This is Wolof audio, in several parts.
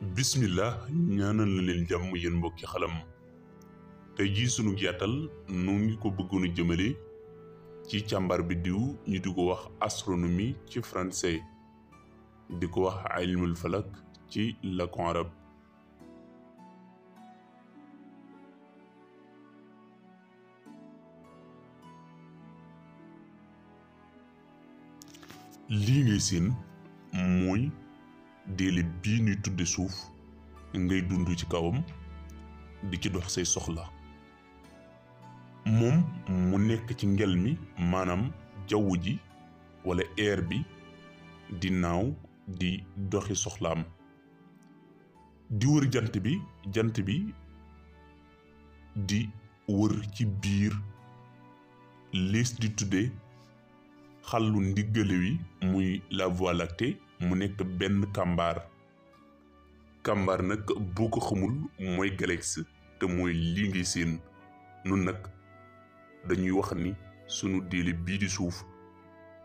bismillah ñaanal na leen jàmm yéen mbokki xalam te jii sunu yaatal nu ngi ko bëggoon a jëmale ci càmbar bi diw ñu di ko wax astronomi ci français di ko wax ilmul falak ci làkku arab lii ngay seen mooy déele bii ñuy tudde suuf ngay dund ci kawam di ci dox say soxla moom mu nekk ci ngel mi maanaam jaww ji walla air bi di naaw di doxi soxlaam di wër jant bi jant bi di wër ci biir liis di tudde xallu ndiggale wi muy la voie mu nekk benn kàmbaar kàmbaar nag boo ko xamul mooy galaxie te mooy lii ngi seen nun nag dañuy wax ni sunu déele bii di suuf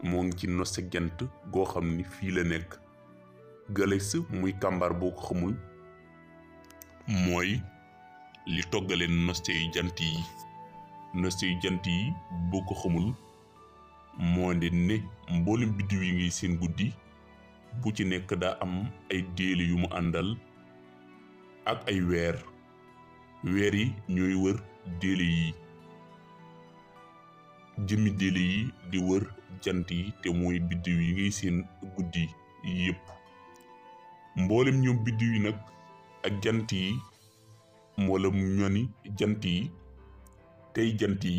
moo ngi ci nose jant goo xam ni fii la nekk galaxie muy kàmbaar boo ko xamul mooy li toggale noste yu jant yi noste yu jant yi boo ko xamul moo di ne mboolem biddiw yi ngi seen guddi bu ci nekk daa am ay déeli yu mu àndal ak ay weer weer yi ñooy wër déeli yi jëmmi déeli yi di wër jant yi te mooy biddiw yi ngay seen guddi yépp mboolem ñoom biddiw yi nag ak jant yi wala ñoni jant yi tey jant yi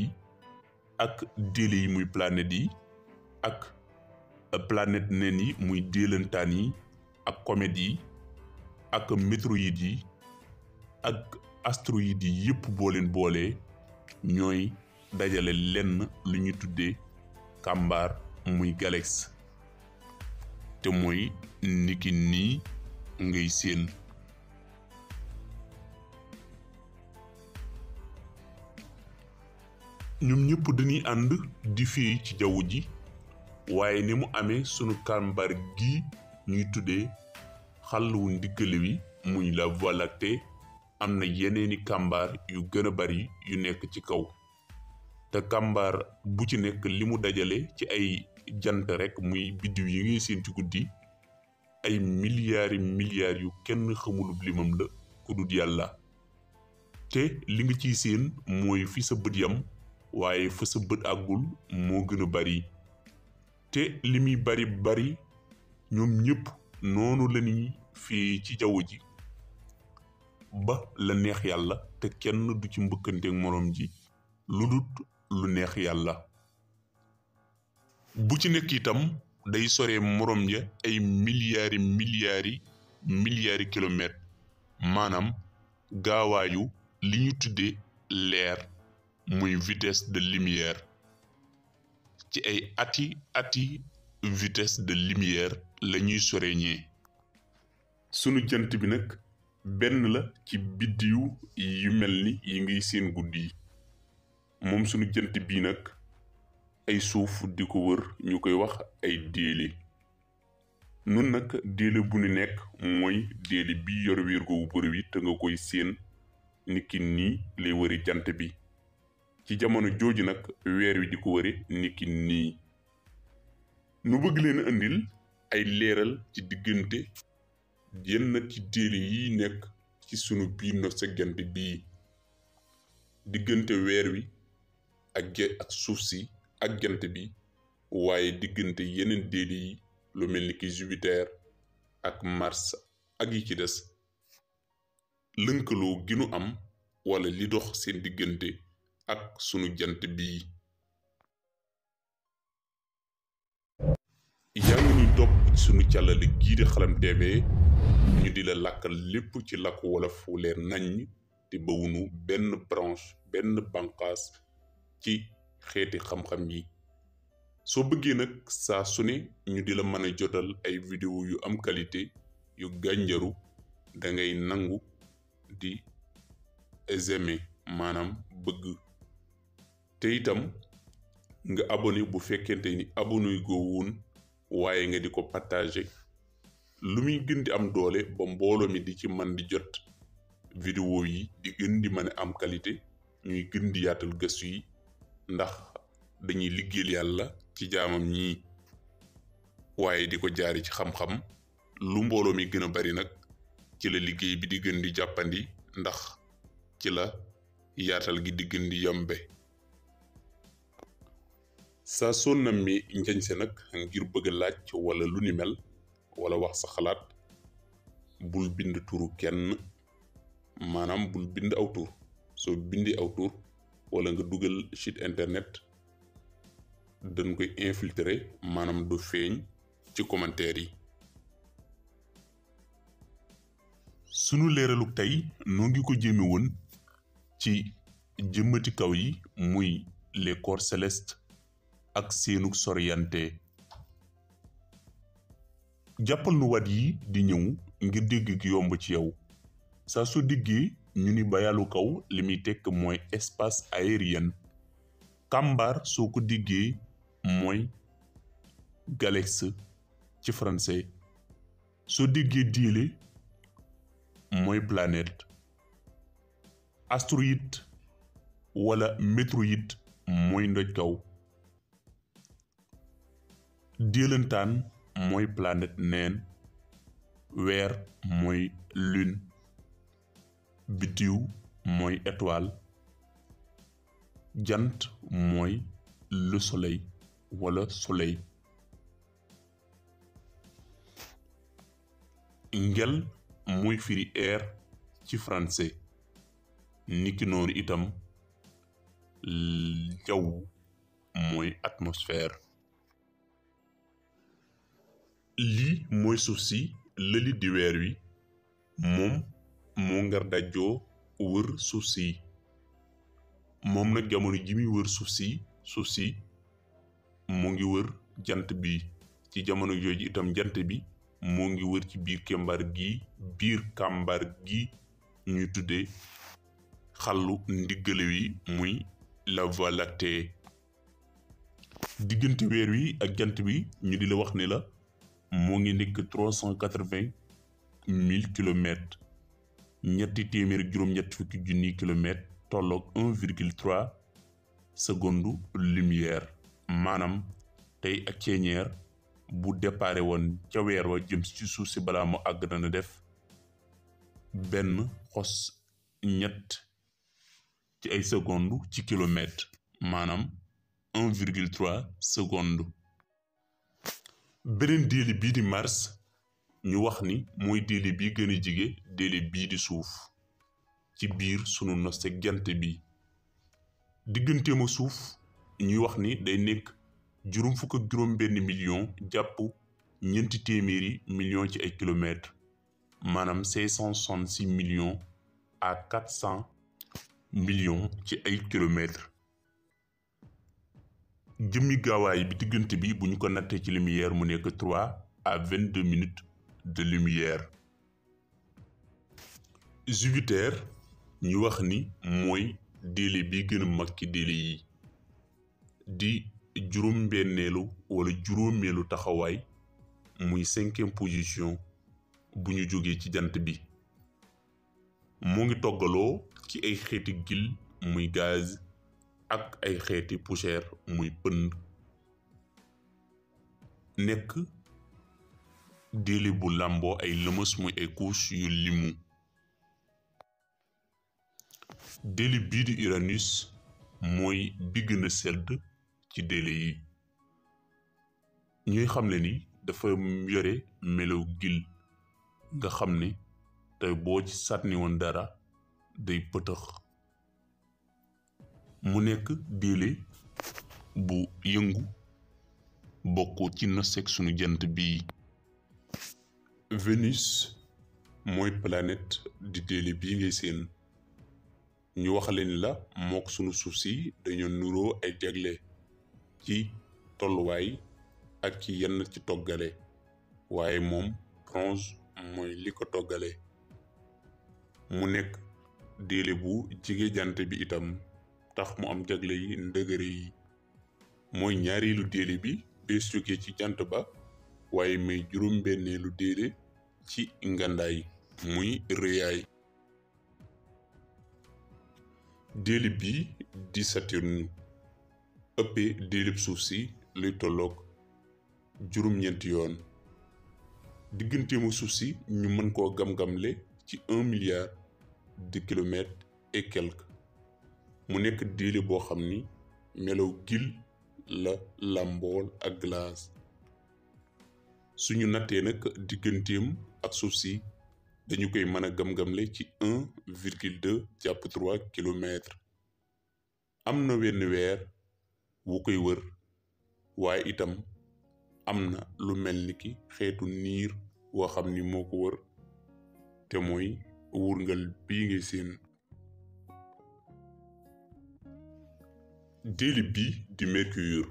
ak déeli yi muy planète yi ak planet neen yi muy déelantaan yi ak comètes yi ak météorites yi ak astéroïdes yi yëpp boo boolee ñooy dajale lenn lu ñu tuddee kàmbaar muy galaxie te mooy niki nii ngay séen ñoom ñëpp dañuy ànd di fii ci jaww ji waaye ni mu amee sunu kàmbar gi ñuy tuddee xàlluwu ndiggale wi muy la voie lactée am na yeneeni kàmbaar yu gën a bari yu nekk ci kaw te kàmbaar bu ci nekk li mu dajale ci ay jant rek muy biddiw yi ngay seen ci guddi ay milliards milliards yu kenn xamulub limam la ku dut yàlla te li nga ciy seen mooy fi sa bët yam waaye fa sa bët àggul moo gën bari te li bari bari ñoom ñëpp noonu la ñuy ci jaww ji ba la neex yàlla te kenn du ci mbëkkanteeg moroom ji lu dut lu neex yàlla bu ci nekk itam day sore moroom ya ay milliards milliards milliards kilomètres maanaam gaawaayu li ñu tuddee leer muy vitesse de lumière ay ati ati vitesse de lumière la ñuy soreñee sunu jant bi nag benn la ci biddiw yu mel ni yi ngiy seen guddi yi moom sunu jant bii nag ay suuf di ko wër ñu koy wax ay déele nun nag déele bu nu nekk mooy déele bi yor wér gu bëri wi te nga koy seen niki nii lay wëri jant bi ci jamono jooju nag weer wi di ko wëre niki nii nu bëgg leen andil ay leeral ci diggante yenn ci téere yi nekk ci sunu biir no seggante diggante weer wi ak ge si ak jant bi waaye diggante yeneen déeli yi lu mel ni ki Jupiter ak Mars ak yi ci des lënkaloo ginu am wala li dox seen diggante ak sunu jant bii yaa ngi ñuy topp sunu càllale gii di xalam TV ñu di la làkkal lépp ci làkku wolof wu leer nañ te bawunu benn branche benn bànqaas ci xeeti xam-xam yi soo bëggee nag saa su ñu di la mën a jotal ay vidéo yu am qualité yu gànjaru da ngay nangu di examen maanaam bëgg te itam nga abonné bu fekkente ni abonné goo woon waaye nga di ko partagé lu muy gën di am doole ba mbooloo mi di ci man di jot vidéo yi di gën di mën a am qualité ñuy gën di yaatal gëstu yi ndax dañuy liggéeyal yàlla ci jaamam ñii waaye di ko jaari ci xam-xam lu mbooloo mi gën a bari nag ci la liggéey bi di gën di jàppandi ndax ci la yaatal gi di gën di yombe saa soo nammee njañse nag ngir bëgg a laaj wala lu ni mel wala wax sa xalaat bul bind turu kenn maanaam bul bind aw tur soo bindee aw tur wala nga dugal site internet dañ koy infiltrer maanaam du feeñ ci commentaire yi. sunu leeraluk tey noo ngi ko jëme woon ci jëmmati kaw yi muy les corps ak seenug soriyante jàppal nu wat yi di ñëw ngir digg gi yomb ci yow saa su diggee ñu ni bayalu kaw li muy tekk mooy espace aérien kàmbaar soo ko diggee mooy galaxie ci français soo diggee diile mooy planète astéroïde wala météorite mooy ndoj kaw déelantaan mooy planète neen weer mooy lune biddiw mooy étoile jant mooy le soleil wala soleil ngel muy firi air ci français niki noonu itam jaww mooy atmosphère lii mooy suuf si lëli di weer wi moom moo ngar dajjoo wër suuf si moom nag jamono ji muy wër suuf si suuf si mu ngi wër jant bi ci jamono jooju itam jant bi moo ngi wër ci biir kembar gi biir kàmbar gi ñuy tudde xallu ndiggale wi muy la voie lactée diggante weer wi ak jant bi ñu di la wax ni la moo ngi nekk trois cent quatre-vingt mille kilomètres ñetti téeméer ak juróom-ñetti un virgule trois seconde lumière maanaam tey ak ceeñeer bu déparé woon ca weer wa jëm ci suuf si balaa mu àgg dana def benn xos ñett ci ay seconde ci kilomètre maanaam un virgule trois seconde beneen déeli bii di mars ñu wax ni mooy déeli bi gën a jige déeli bii di suuf ci biir sunu noste jant bi digganteem a suuf ñuy wax ni day nekk juróom million jàpp ñeenti téeméeri million ci ay kilomètres maanaam cinq cent soixante-six à quatre cent millions ci ay kilomètres jëmmi gaawaay bi diggante bi bu ñu ko nattee ci lumière mu nekk trois à vingt deux minutes ñu wax ni mooy délai bi gën mag ci délai yi di juróom benneelu wala juróomeelu taxawaay muy cinquième position bu ñu jógee ci jant bi mu ngi toggaloo ci ay xeeti gil muy gaz ak ay xeeti poussière muy pënd nekk diili bu làmboo ay lëmës muy ay couche yu limu diili bii Uranus mooy bi gën sedd ci diili yi ñuy xam ne ni dafa yore melow gil nga xam ni tey boo ci sànni woon dara day pëtëx mu nekk déele bu yëngu bokk ci na sunu jant bii Vénus mooy planète di déele bii ngay seen ñu wax leen la mook sunu suuf si dañoo nuroo ay jagle ci tolluwaay ak ci yenn ci toggale waaye moom bronze mooy li ko toggale mu nekk déele bu jige jant bi itam tax mu am jagle yi ndëgëre yi mooy ñaareelu déele bi bés jóge ci jant ba waaye may juróom-benneelu déele ci ngandaay muy rëyaay déele bi di Saturne ëppee déeleb suuf si luy tollook juróom-ñeenti yoon digganteemu suuf si ñu mën koo gam-gamle ci un milliard de kilomètres et quelque mu nekk déele boo xam ni melaw gil la làmbool ak glace suñu nattee nag digganteem ak suuf si dañu koy mën a gam-gamle ci un am na wenn weer wu koy wër waaye itam am na lu mel ni ki xeetu niir woo xam ni moo ko wër te mooy wurngal bii ngay seen déeli bii di mercure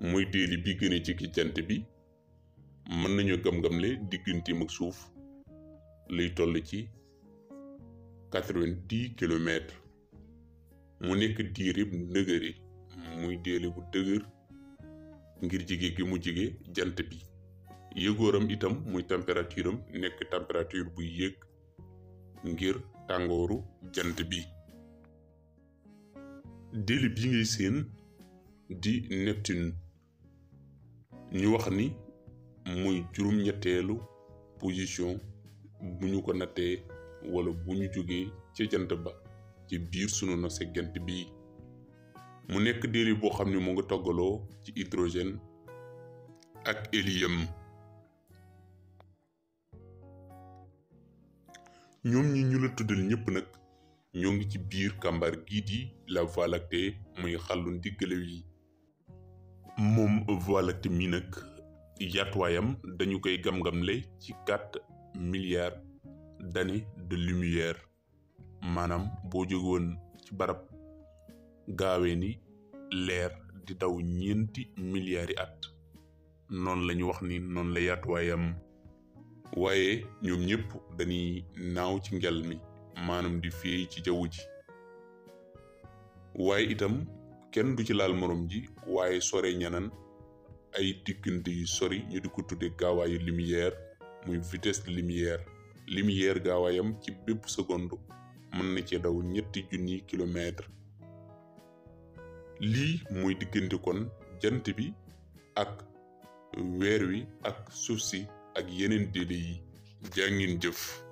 muy déeli bi gën a jege jant bi mën nañu gam-gamle digganteem ak suuf lay toll ci quatre vingt mu nekk diire bu ndëgëri muy déeli bu dëgër ngir jege gi mu jege jant bi yëgóoram itam muy température am nekk température bu yéeg ngir tàngooru jant bi déli bi ngay séen di Neptune ñu wax ni mooy juróom-ñetteelu position bu ñu ko nattee wala bu ñu jógee ca jant ba ci biir sunu na seggant bi mu nekk déli boo xam ne mu nga toggaloo ci hydrogène ak hélium ñoom ñi ñu la tuddal ñëpp nag ñoo ngi ci biir kàmbar gii di la voie muy xallu ndiggalew yi moom voie lactée nag yaatuwaayam dañu koy gam-gamle ci quatre milliards d'années de lumière maanaam boo jóge woon ci barab gaawee ni leer di daw ñeenti milliards yi at noonu la wax ni noonu la yaatuwaayam waaye ñoom ñëpp dañuy naaw ci ngel mi maanaam di fey ci jaww ji waaye itam kenn du ci laal morom ji waaye sore ñanan ay diggante yu sori ñu di ko tudde gaawaayu lumière muy vitesse de lumière lumière gaawaayam ci bépp seconde mën na cee daw ñetti junni kilomètre lii muy diggante kon jant bi ak weer wi ak suuf si ak yeneen délai yi jàngin jëf